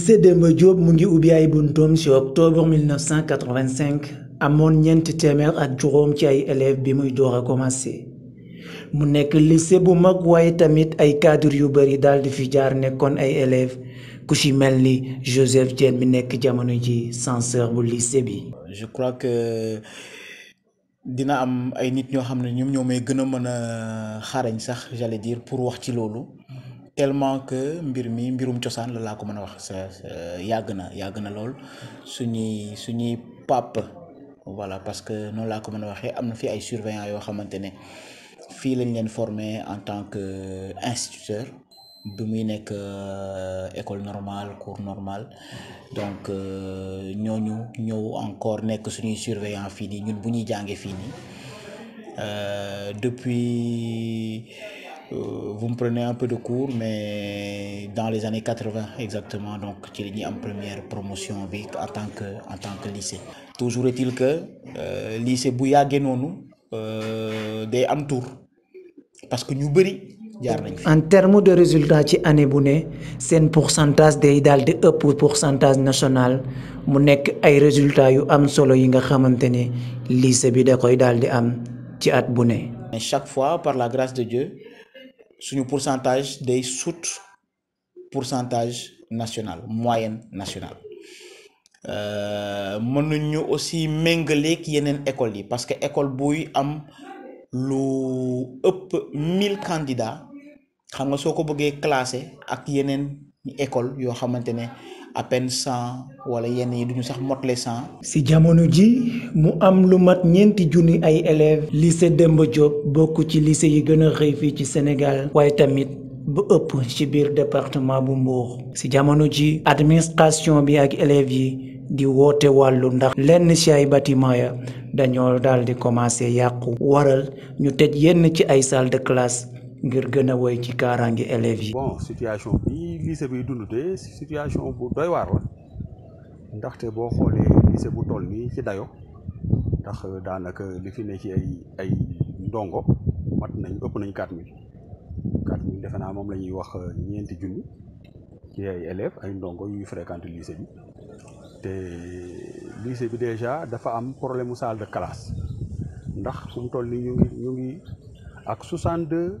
lycée des Diop mu ngi Buntom, sur ci octobre 1985 à mon téeméer ak juróom ci ay élèves bi muy a commencé Mon lycée bu mag waaye tamit ay cadre yu bari daal di fi jaar nekkoon ay élèves Joseph Diène bi nekk jamono ji censeur bu lycée bi. je crois que dina am ay nit ñoo xamne ne ñoom ñoo may xarañ sax j'allais dire pour wax ci lolu tellement que mbir mi mbirum la la ko mën wax sa pape na na voilà parce que non la ko a amna fi ay surveillants yo xamante fi lañ en tant que euh, instituteur bi muy euh, école normale cours normal donc euh, ñooñu ñëw encore nekk suñuy surveillant fii nii ñun bu ñuy jàngee fii depuis euh, vous me prenez un peu de cours mais dans les années 80 exactement donc tu la première promotion en tant que en tant que lycée toujours est-il que euh, lycée Bouya yàggee euh, des am tour parce que nous sommes en termes de résultats c'est année pourcentage des de de pourcentage national mu ay résultats yu am solo yi nga lycée bi da koy chaque fois par la grâce de Dieu suñu pourcentage des sut pourcentage national moyenne nationale avons euh, aussi méngaleeg yenen école parce que école buy am lu ëpp 1000 candidats xam nga soko bëggé classer ak yenen école yo à peine cent wala yenn yi duñu sax motale cent. si jamono ji mu am lu mat ñenti juni ay élèves. lycée Demba Diop bokku ci lycée yi gëna a fi ci Sénégal waye tamit. bu ëpp ci biir département bu Mbour si jamono ji administration bi ak élèves yi di wote walu ndax lenn ci ay bâtiment ya dañoo daal di commencer yàqu waral ñu tej yenn ci ay salle de classe ngir gën a woy ci kaaraangi élèves yi. bon situation bi lycée bi dund de situation bu doy waar la ndaxte boo xoolee lycée bu toll nii ci dayo ndax daanaka li fi ne ci ay ay ndongo mat nañ ëpp nañ quatre mille quatre mille defe naa moom la ñuy wax ñeenti junni ci ay élèves ay ndongo yuy fréquenté lycée bi te lycée bi déjà dafa am problème mu de classe ndax fu toll nii ñu ngi ñu ngi ak deux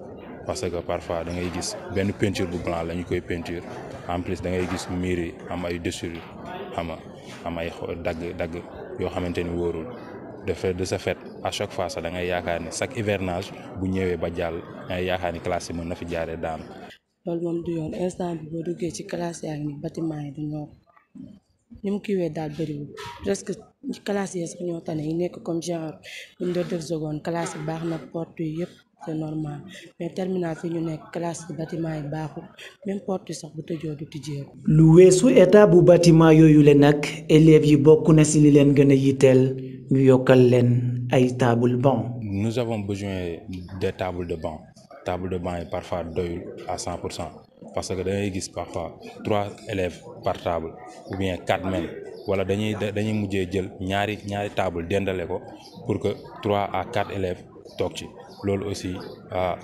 parce que parfois da ngay gis ben peinture bu blanc lañ koy peinture en plus da ngay gis miir am ay dessus am am ay dag dag yo xamanteni worul de fait de ce fait à chaque fois ça da ngay yakane chaque hivernage bu ñewé ba jàll ay yakane classe yi na fi jaaree daan loolu mom du yoon instant bi bo duggé ci classe yaa ni bâtiment yi du ñoo ki wé kiiwee bari wu presque ci classe yi sax ñoo tané yi nekk comme genre buñ doon def seconde classe baxna porte yépp C'est normal. Mais en termes de classe, le bâtiment est bas. Même le porte-tête, il faut le faire. L'UE, sous l'état du bâtiment, les élèves qui connaissent le bâtiment sont les plus nombreux à les trouver dans les tables de banque. Nous avons besoin de tables de banque. Les tables de banque sont parfois de 2 à 100%. Parce que parfois, on voit 3 élèves par table ou bien 4 même. Voilà, on peut prendre une table de banque pour que 3 à 4 élèves toog ci aussi ah,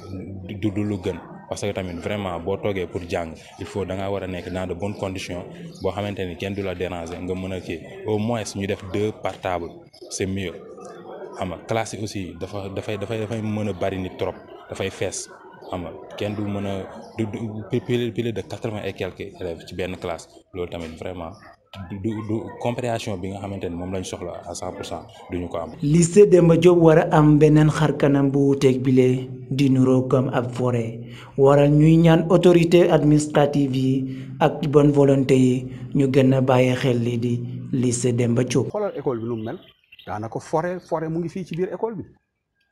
du du lu gën parce que tamit vraiment bo togué pour jang il faut da nga wara nek dans de bonnes conditions bo xamanteni kenn du la déranger nga mëna a au moins ñu def deux par table c'est mieux xam nga classe aussi dafa dafay dafay dafay mëna bari nit trop dafay fess xam kenn du mëna pile pile de quatre et quelques élèves ci benn classe loolu tamit vraiment du du compréhension bi nga xamante ni moom lañ soxla à 100 pour cent duñu ko am. lycée Demba Diop war a am beneen xar kanam bu wuuteeg bile di nurookam comme ab forêt waral ñuy ñaan autorité administrative yi ak bonne volonté yi ñu gën a bàyyi xel lii di lycée Demba Diop. xoolal école bi nu mu mel daanaka forêt forêt mu ngi fii ci biir école bi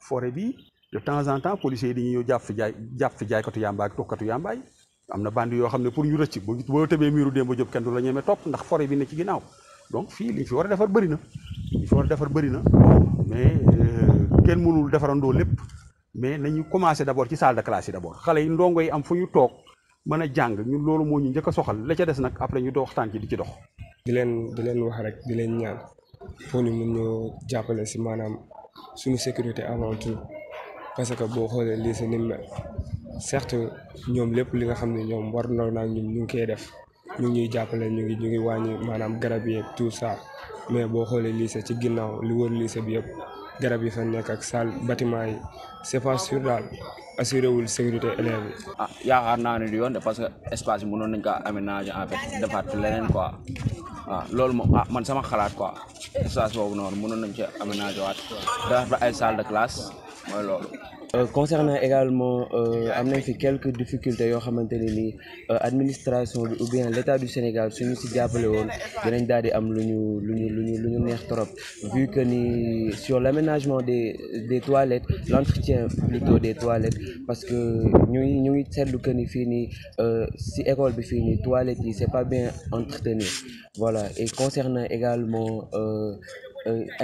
forêt bi de temps en temps policiers yi dañuy ñëw jàpp fi jaay jàpp fi jaaykatu yàmbaay ak am na bandi yoo xam ne pour ñu rëcc boo boo tëbee miiru Demba Diop kenn du la ñeme topp ndax forêt bi ne ci ginnaaw donc fii li fi war a defar bëri na li ñu defar bëri na mais euh, kenn mënul defarandoo lépp mais nañu commencé d' abord ci salle de classe yi d' xale yi ndongo yi am fu ñu toog mën a jàng ñun loolu moo ñu njëkk soxal la ca des nag après ñu do waxtaan ci di ci dox. di leen di leen wax rek di leen ñaan foo ñu mun ñu jàppale si maanaam suñu sécurité avant tout parce que boo xoolee lii si ni certes ñoom lépp li nga xam ne ñoom war na naa ñun ñu ngi koy def ñu ngi ñuy jàppale ñu ngi ñu ngi wàññi maanaam garab yeeg tout ça mais boo xoolee lycée ci ginnaaw li wër lycée bi yëpp garab yi fa nekk ak salle bâtiment yi c'est pas sûr daal assuré wul sécurité élèves yi. ah naa ne di yoon de parce que espace yi mënoon nañ ko aménager en fait defaat leneen quoi waaw ah, loolu moom ah man sama xalaat quoi espace boobu noonu mënoon nañ ci aménager waat defaat fa ay salle de classe mooy Euh, concernant également euh, fi quelques difficultés yo xamanteni ni euh, administration bi ou bien l'état du Sénégal suñu ci jàppale woon dinañ daldi am neex trop vu que ni sur l'aménagement des des toilettes l'entretien plutôt des toilettes parce que nous ñuy ñu que ni que ni euh, si école bi fi ni toilettes yi c'est pas bien entretenu voilà et concernant également euh,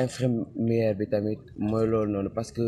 infirmière bi tamit moy parce que